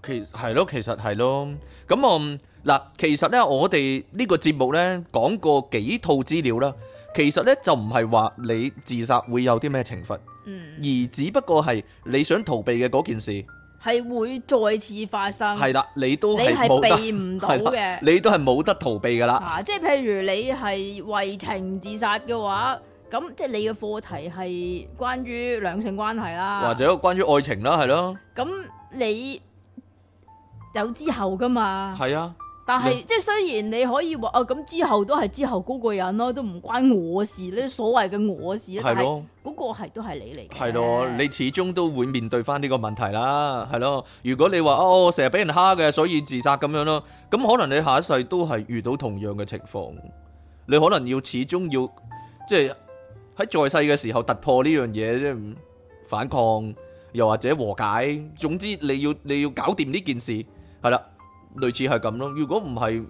其係咯，其實係咯。咁我嗱，其實呢，我哋呢個節目呢講過幾套資料啦。其實呢，就唔係話你自殺會有啲咩懲罰，嗯、而只不過係你想逃避嘅嗰件事。係會再次發生。係啦，你都係避唔到嘅。你都係冇得逃避㗎喇。啊，即係譬如你係為情自殺嘅話，咁即係你嘅課題係關於兩性關係啦，或者關於愛情啦，係囉。咁你有之後㗎嘛？係啊。但係，即係雖然你可以話，哦，咁之後都係之後嗰個人咯，都唔關我事呢，所謂嘅「我事」。係咯，嗰個係都係你嚟。係咯，你始終都會面對翻呢個問題啦。係咯，如果你話哦，成日俾人蝦嘅，所以自殺咁樣咯，咁可能你下一世都係遇到同樣嘅情況，你可能要始終要即係喺在世嘅時候突破呢樣嘢，即反抗，又或者和解，總之你要你要搞掂呢件事，係啦。類似係咁咯，如果唔係，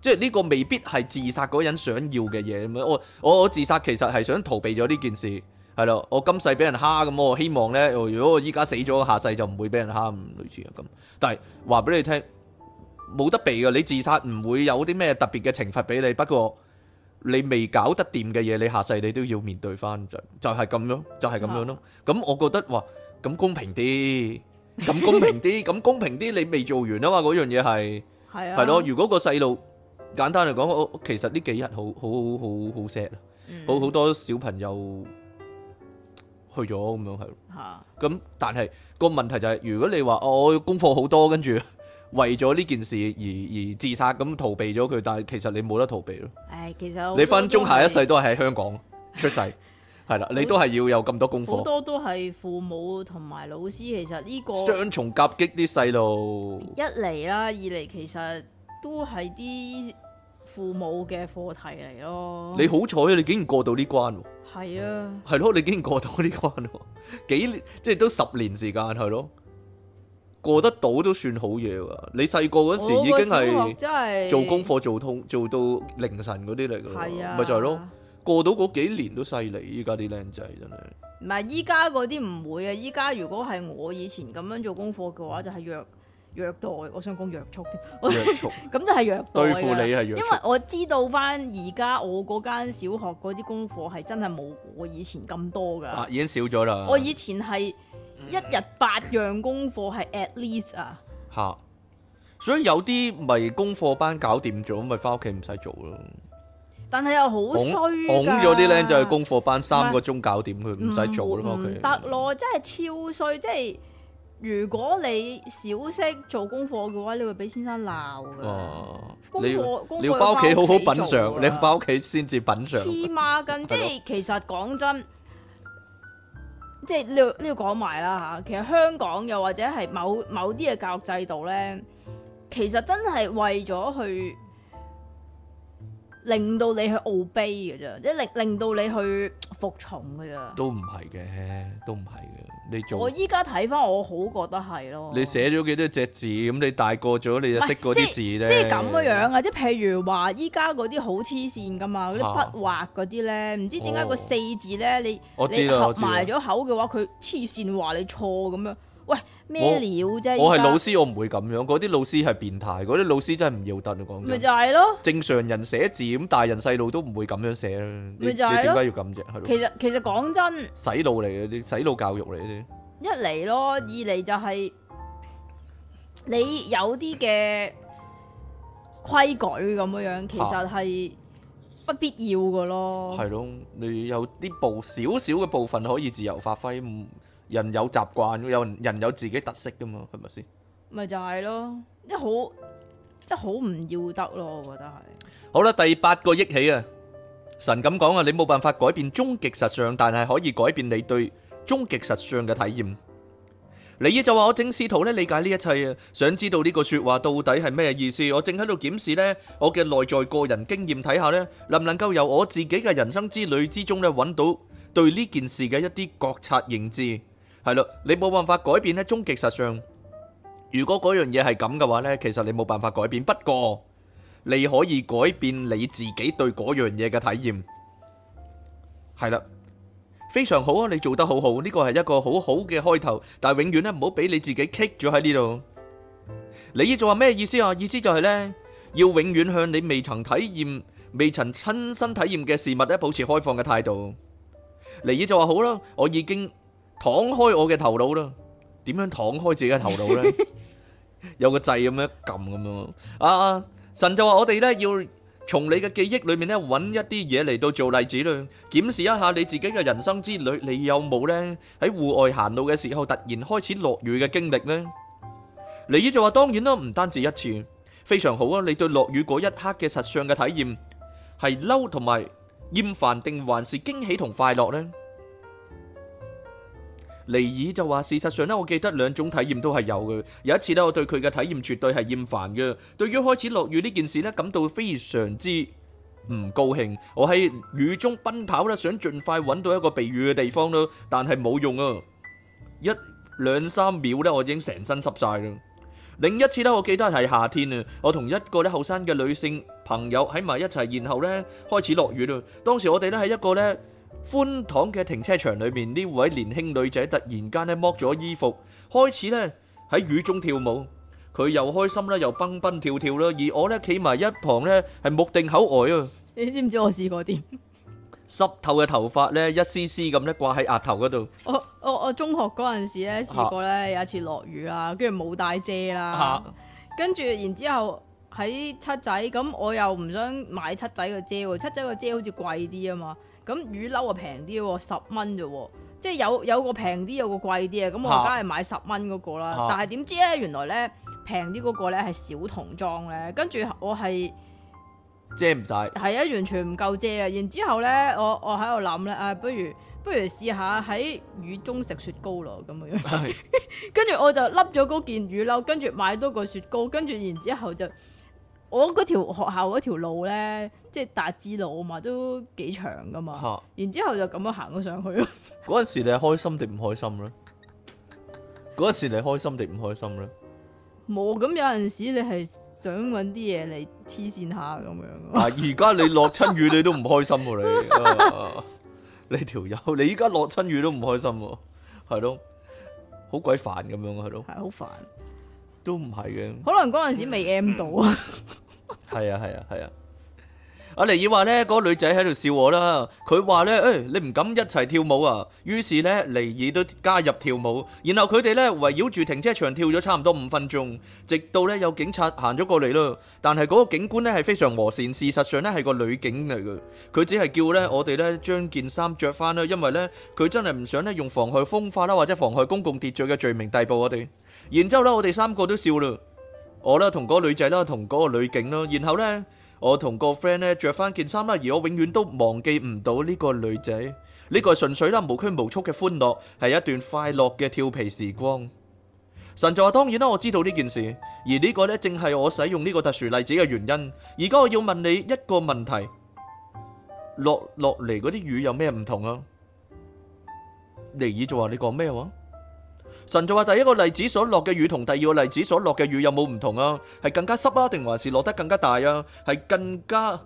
即係呢個未必係自殺嗰人想要嘅嘢。咁我我我自殺其實係想逃避咗呢件事，係咯，我今世俾人蝦咁，我希望咧，如果我依家死咗，下世就唔會俾人蝦。類似啊咁，但係話俾你聽，冇得避㗎，你自殺唔會有啲咩特別嘅懲罰俾你。不過你未搞得掂嘅嘢，你下世你都要面對翻，就就係咁樣，就係、是、咁樣咯。咁、就是、的我覺得哇，咁公平啲。咁 *laughs* 公平啲，咁公平啲，你未做完啊嘛？嗰樣嘢，係係咯。如果個細路，簡單嚟講，我其實呢幾日好好好好 sad，好好多小朋友去咗咁樣，係。咁但係、個問題就係、是，如果你話、哦、我功課好多，跟住為咗呢件事而而自殺，咁逃避咗佢，但係其實你冇得逃避咯、哎。其實你翻中下一世都係喺香港出世。 *laughs* 係啦，你都係要有咁多功課，好多都係父母同埋老師，其實呢、這個雙重夾擊啲細路，一嚟啦，二嚟其實都係啲父母嘅課題嚟咯。你好彩啊，你竟然過到呢關，係啊，係咯，你竟然過到呢關，幾年即係都十年時間係咯，過得到都算好嘢。你細個嗰時已經係真係做功課做通做到凌晨嗰啲嚟噶，係啊，咪就係咯。過到嗰幾年都犀利，依家啲靚仔真係。唔係依家嗰啲唔會啊！依家如果係我以前咁樣做功課嘅話，就係虐虐待，我想講約束添。約束速。咁 *laughs* 就係虐待啊。對付你係約束。因為我知道翻而家我嗰間小學嗰啲功課係真係冇我以前咁多噶。啊，已經少咗啦。我以前係一日八樣功課，係 at least 啊。吓，所以有啲咪功課班搞掂咗，咪翻屋企唔使做咯。但係又好衰、啊，拱咗啲僆仔去功課班三個鐘搞掂佢，唔使做嘛。佢唔得咯，嗯、okay, 羅真係超衰。即、就、係、是、如果你小息做功課嘅話，你會俾先生鬧嘅。哦、功課你功課翻屋企好好品嚐，你翻屋企先至品嚐。黐孖筋，即係、啊、其實講真，即係呢呢講埋啦嚇。其實香港又或者係某某啲嘅教育制度咧，其實真係為咗去。令到你去傲卑嘅啫，即係令令到你去服從嘅啫。都唔係嘅，都唔係嘅。你做我依家睇翻，我好覺得係咯。你寫咗幾多隻字？咁你大個咗，你就識嗰啲字咧。即係咁嘅樣啊！即係譬如話，依家嗰啲好黐線噶嘛，嗰啲筆畫嗰啲咧，唔知點解個四字咧，哦、你你合埋咗口嘅話，佢黐線話你錯咁樣。喂！咩料啫？我係老師，我唔會咁樣。嗰啲老師係變態，嗰啲老師真係唔要得，你講。咪就係咯。正常人寫字咁，大人細路都唔會咁樣寫啦。你點解要咁啫？其實其實講真。洗腦嚟嘅啲，洗腦教育嚟嘅。一嚟咯，二嚟就係你有啲嘅規矩咁樣樣，其實係不必要㗎咯。係咯，你有啲部少少嘅部分可以自由發揮。人有習慣，有人有自己特色㗎嘛，係咪先？咪就係咯，即係好，即係好唔要得咯。我覺得係好啦。第八個憶起啊，神咁講啊，你冇辦法改變終極實相，但係可以改變你對終極實相嘅體驗。你呢就話：我正試圖咧理解呢一切啊，想知道呢個説話到底係咩意思。我正喺度檢視咧我嘅內在個人經驗，睇下咧能唔能夠由我自己嘅人生之旅之中咧揾到對呢件事嘅一啲覺察認知。係啦，你冇辦法改變咧。終極實相，如果嗰樣嘢係咁嘅話咧，其實你冇辦法改變。不過，你可以改變你自己對嗰樣嘢嘅體驗。係啦，非常好啊！你做得好好，呢個係一個好好嘅開頭。但係永遠咧，唔好俾你自己棘咗喺呢度。尼爾就話咩意思啊？意思就係咧，要永遠向你未曾體驗、未曾親身體驗嘅事物咧，保持開放嘅態度。尼爾就話好啦，我已經。敞開我嘅頭腦啦，點樣敞開自己嘅頭腦呢？ *laughs* 有個掣咁樣撳咁樣，啊，啊神就話我哋呢，要從你嘅記憶裏面咧揾一啲嘢嚟到做例子啦，檢視一下你自己嘅人生之旅，你有冇呢？喺戶外行路嘅時候突然開始落雨嘅經歷呢？尼爾就話當然啦，唔單止一次，非常好啊！你對落雨嗰一刻嘅實相嘅體驗係嬲同埋厭煩定還是驚喜同快樂呢？尼爾就話：事實上咧，我記得兩種體驗都係有嘅。有一次咧，我對佢嘅體驗絕對係厭煩嘅。對於開始落雨呢件事咧，感到非常之唔高興。我喺雨中奔跑咧，想盡快揾到一個避雨嘅地方咯，但係冇用啊！一兩三秒咧，我已經成身濕晒啦。另一次咧，我記得係夏天啊，我同一個咧後生嘅女性朋友喺埋一齊，然後咧開始落雨啦。當時我哋咧喺一個咧。寬敞嘅停車場裏面，呢位年輕女仔突然間咧剝咗衣服，開始咧喺雨中跳舞。佢又開心啦，又蹦蹦跳跳啦。而我咧企埋一旁咧，係目定口呆啊！你知唔知我試過點？濕 *laughs* 透嘅頭髮咧，一絲絲咁咧掛喺額頭嗰度。我我我中學嗰陣時咧試過咧有一次落雨啦，跟住冇帶遮啦，跟住然之後喺哈七仔，咁我又唔想買七仔嘅遮，七仔嘅遮好似貴啲啊嘛。咁雨褸啊平啲喎，十蚊啫喎，即係有有個平啲，有個貴啲啊，咁我梗係買十蚊嗰、那個啦。啊、但係點知咧，原來咧平啲嗰個咧係小童裝咧，跟住我係遮唔晒，係啊完全唔夠遮啊。然之後咧，我我喺度諗咧，啊不如不如試下喺雨中食雪糕咯咁樣，跟住是 *laughs* 我就笠咗嗰件雨褸，跟住買多個雪糕，跟住然之後就。我嗰條學校嗰條路咧，即係達志路啊嘛，都幾長噶嘛。啊、然之後就咁樣行咗上去咯。嗰陣時你開心定唔開心咧？嗰陣 *laughs* 時你開心定唔開心咧？冇，咁有陣時你係想搵啲嘢嚟黐線下咁樣。嗱、啊，而家你落親雨 *laughs* 你都唔開心喎、啊，你、 *laughs* uh, 你條友，你依家落親雨都唔開心喎，係咯，好鬼煩咁樣，係咯，係好煩，都唔係嘅。可能嗰陣時未 M 到啊。係啊係啊係啊！阿、啊啊啊、尼爾話呢嗰個女仔喺度笑我啦。佢話呢，誒、欸，你唔敢一齊跳舞啊。於是呢，尼爾都加入跳舞。然後佢哋呢，圍繞住停車場跳咗差唔多五分鐘，直到呢有警察行咗過嚟咯。但係嗰個警官呢係非常和善，事實上呢係個女警嚟嘅。佢只係叫呢我哋呢將件衫着翻啦，因為呢，佢真係唔想呢用妨害風化啦或者妨害公共秩序嘅罪名逮捕我哋。然之後呢，我哋三個都笑啦。我咧同嗰個女仔啦，同嗰個女警咯，然後呢，我同個 friend 呢，着翻件衫啦，而我永遠都忘記唔到呢個女仔，呢、這個純粹啦無拘無束嘅歡樂，係一段快樂嘅調皮時光。神就話：當然啦，我知道呢件事，而呢個呢，正係我使用呢個特殊例子嘅原因。而家我要問你一個問題：落落嚟嗰啲雨有咩唔同啊？尼爾就話：你講咩話？神就話：第一個例子所落嘅雨同第二個例子所落嘅雨有冇唔同啊？係更加濕啊，定還是落得更加大啊？係更加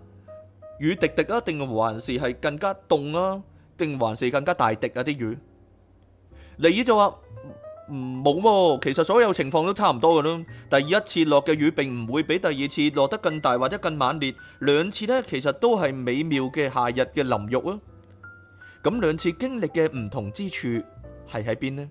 雨滴滴啊，定還是係更加凍啊？定還是更加大滴啊？啲雨？尼爾就話：冇喎，其實所有情況都差唔多㗎囉。第一次落嘅雨並唔會比第二次落得更大或者更猛烈。兩次呢，其實都係美妙嘅夏日嘅淋浴啊。咁兩次經歷嘅唔同之處係喺邊呢？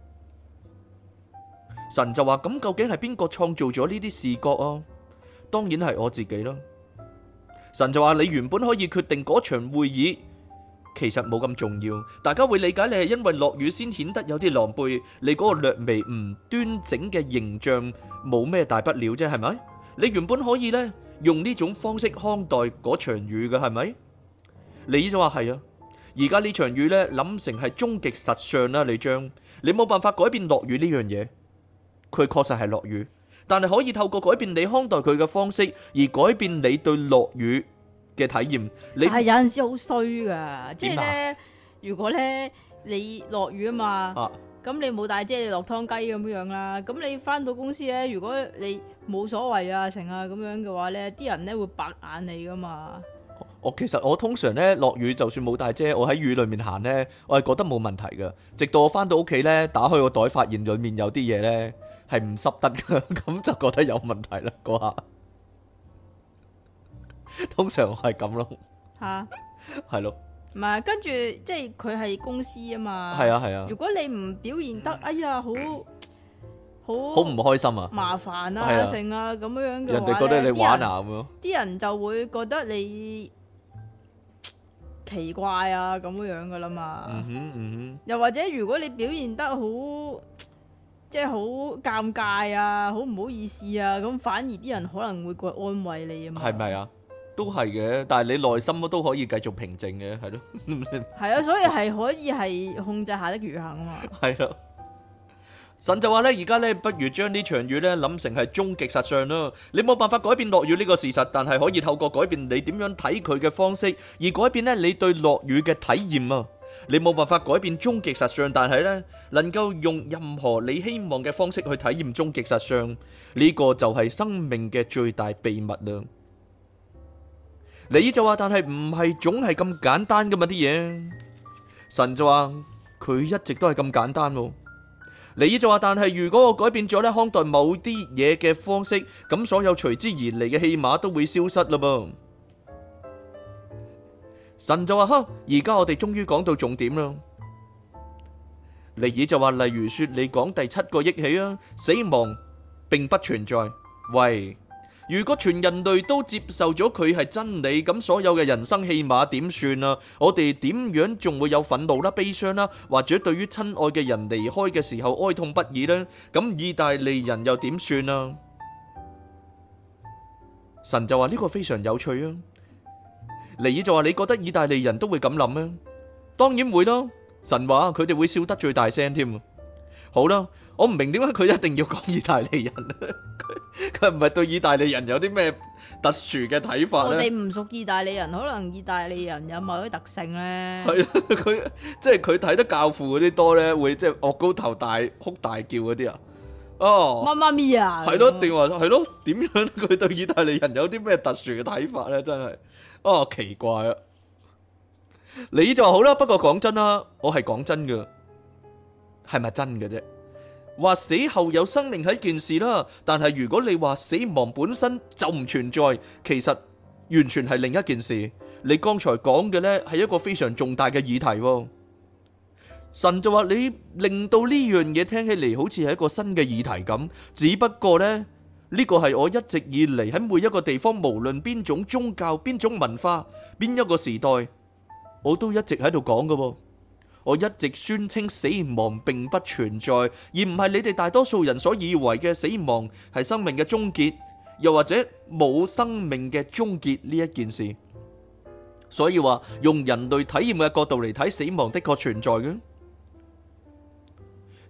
神就話咁，究竟係邊個創造咗呢啲視覺啊？當然係我自己啦。神就話你原本可以決定嗰場會議其實冇咁重要，大家會理解你係因為落雨先顯得有啲狼狽，你嗰個略微唔端整嘅形象冇咩大不了啫，係咪？你原本可以呢，用呢種方式看待嗰場雨嘅，係咪？你就話係啊，而家呢場雨呢諗成係終極實相啦，你將你冇辦法改變落雨呢樣嘢。佢確實係落雨，但係可以透過改變你看待佢嘅方式，而改變你對落雨嘅體驗。你係有陣時好衰噶，即係咧，樣如果咧你落雨啊嘛，咁、啊、你冇帶遮，你落湯雞咁樣啦。咁你翻到公司咧，如果你冇所謂啊，成啊咁樣嘅話咧，啲人咧會白眼你噶嘛。我，我其實我通常咧落雨，就算冇帶遮，我喺雨裏面行咧，我係覺得冇問題噶。直到我翻到屋企咧，打開個袋發現裏面有啲嘢咧，係唔濕得嘅，咁 *laughs* 就覺得有問題啦。嗰下 *laughs* 通常係咁咯，吓係、啊、 *laughs* 咯，唔係跟住即係佢係公司啊嘛，係啊係啊。啊如果你唔表現得，哎呀，好好好唔開心啊，麻煩啊，成啊咁樣樣嘅話，啊啊啊、人哋覺得你玩啊咁咯，啲人就會覺得你奇怪啊咁樣樣噶啦嘛。嗯哼嗯哼，又或者如果你表現得好。即係好尷尬啊，好唔好意思啊，咁反而啲人可能會過嚟安慰你啊嘛。係咪啊？都係嘅，但係你內心都可以繼續平靜嘅，係咯。係 *laughs* 啊，所以係可以係控制下的雨行啊嘛。係咯。 *laughs* 神就話呢：「而家呢，不如將呢場雨呢，諗成係終極實相啦。你冇辦法改變落雨呢個事實，但係可以透過改變你點樣睇佢嘅方式，而改變呢你對落雨嘅體驗啊。」你冇辦法改變終極實相，但係咧能夠用任何你希望嘅方式去體驗終極實相，呢個就係生命嘅最大秘密啦。尼爾就話：，但係唔係總係咁簡單噶嘛啲嘢。神就話：佢一直都係咁簡單。尼爾就話：，但係如果我改變咗咧看待某啲嘢嘅方式，咁所有隨之而嚟嘅戲碼都會消失啦噃。神就話：，哈，而家我哋終於講到重點啦。尼爾就話，例如說，你講第七個益起啊，死亡並不存在。喂，如果全人類都接受咗佢係真理，咁所有嘅人生戲碼點算啊？我哋點樣仲會有憤怒啦、啊、悲傷啦、啊，或者對於親愛嘅人離開嘅時候哀痛不已呢？咁意大利人又點算啊？神就話呢、呢個非常有趣啊！尼爾就話：你覺得意大利人都會咁諗咩？當然會咯！神話佢哋會笑得最大聲添。好啦，我唔明點解佢一定要講意大利人咧？佢唔係對意大利人有啲咩特殊嘅睇法咧？我哋唔熟意大利人，可能意大利人有某啲特性咧。係，佢即係佢睇得教父嗰啲多咧，會即係惡高頭大哭大叫嗰啲啊！哦，媽媽咪啊！係咯，定話係咯？點樣佢對意大利人有啲咩特殊嘅睇法咧？真係～哦，奇怪啊，你就話好啦，不過講真啦，我係講真噶係咪真嘅啫？話死後有生命係一件事啦，但係如果你話死亡本身就唔存在，其實完全係另一件事。你剛才講嘅呢係一個非常重大嘅議題。神就話，你令到呢樣嘢聽起嚟好似係一個新嘅議題咁，只不過呢。呢個係我一直以嚟，喺每一個地方，無論邊種宗教、邊種文化、邊一個時代，我都一直喺度講㗎。我一直宣稱死亡並不存在，而唔係你哋大多數人所以為嘅死亡係生命嘅終結，又或者冇生命嘅終結呢一件事。所以話用人類體驗嘅角度嚟睇，死亡的確存在嘅。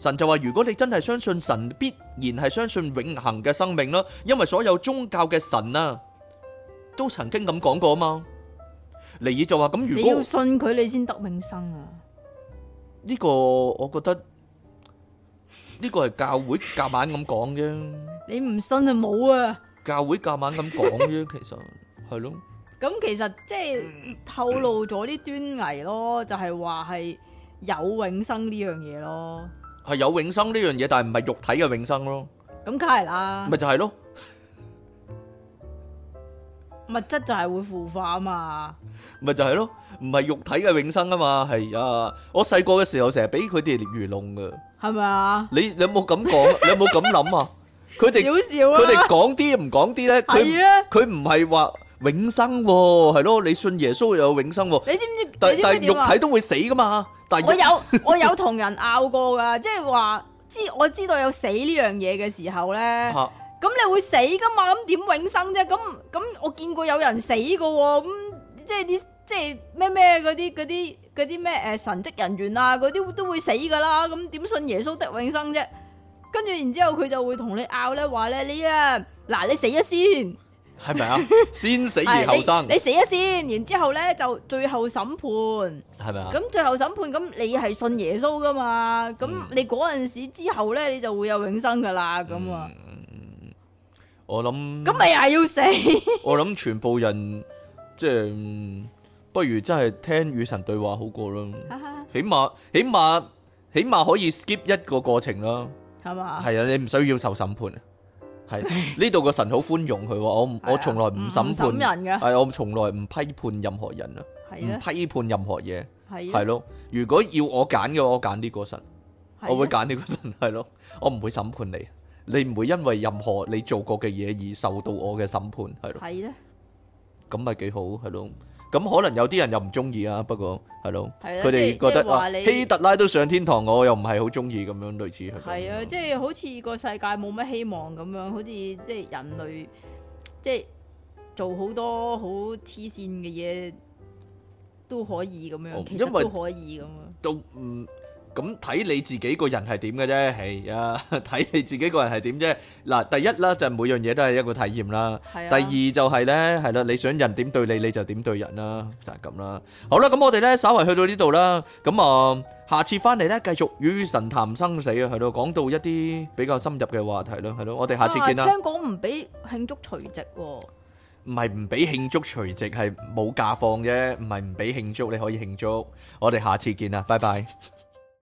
神就話：如果你真係相信神，必然係相信永恒嘅生命咯。因為所有宗教嘅神啊，都曾經咁講過啊嘛。尼爾就話：咁如果你要信佢，你先得永生啊。呢個我覺得呢個係教會夾硬咁講啫。你唔信啊，冇啊。教會夾硬咁講啫，其實係咯。咁其實即係透露咗啲端倪咯，就係話係有永生呢樣嘢咯。係有永生呢樣嘢，但係唔係肉體嘅永生咯。咁梗係啦。咪就係咯，物質就係會腐化啊嘛。咪就係咯，唔係肉體嘅永生啊嘛。係啊，我細個嘅時候成日俾佢哋愚弄噶。係咪啊？你你有冇咁講？你有冇咁諗啊？佢哋佢哋講啲唔講啲咧？佢佢唔係話永生喎，係咯？你信耶穌就有永生，你知唔知？但但肉體都會死噶嘛。但 *laughs* 我有我有同人拗過噶，即係話知我知道有死呢樣嘢嘅時候咧，咁、啊、你會死噶嘛？咁點永生啫？咁咁我見過有人死嘅喎，咁即係啲即係咩咩嗰啲啲啲咩誒神職人員啊嗰啲都會死噶啦，咁點信耶穌的永生啫？跟住然之後佢就會同你拗咧，話咧你啊嗱你死一先。係咪啊？先死而後生， *laughs* 你，你死咗先，然之後咧就最後審判，係咪啊？咁最後審判，咁你係信耶穌噶嘛？咁你嗰陣時之後咧，你就會有永生噶啦。咁、嗯、啊，我諗咁咪又係要死。我諗全部人即係不如真係聽與神對話好過啦。 *laughs* 起碼起碼起碼可以 skip 一個過程咯，係嘛、啊？係啊，你唔需要受審判。係呢度個神好寬容佢，我的我從來唔審判人嘅，係我從來唔批判任何人啊，唔的批判任何嘢，係的咯。如果要我揀嘅，我揀呢個神，的我會揀呢個神，係咯。我唔會審判你，你唔會因為任何你做過嘅嘢而受到我嘅審判，係咯。係咧的，咁咪幾好，係咯。咁可能有啲人又唔中意啊，不過係咯，係啊，佢哋的覺得話你希特拉都上天堂，我又唔係好中意咁樣類似係。係啊的，即係好似個世界冇乜希望咁樣，好似即係人類即係做好多好黐線嘅嘢都可以咁樣，其實都可以咁樣。都唔。咁睇你自己個人係點嘅啫，係啊，睇你自己個人係點啫。嗱，第一啦，就係每樣嘢都係一個體驗啦。的第二就係呢，係啦，你想人點對你，你就點對人啦，就係咁啦。好啦，咁我哋呢，稍微去到呢度啦。咁啊，下次翻嚟呢，繼續與神談生死啊，係咯。講到一啲比較深入嘅話題咯，係咯。我哋下次見啦。香港唔俾慶祝除夕喎？唔係唔俾慶祝除夕，係冇假放啫。唔係唔俾慶祝，你可以慶祝。我哋下次見啦，拜拜。 *laughs*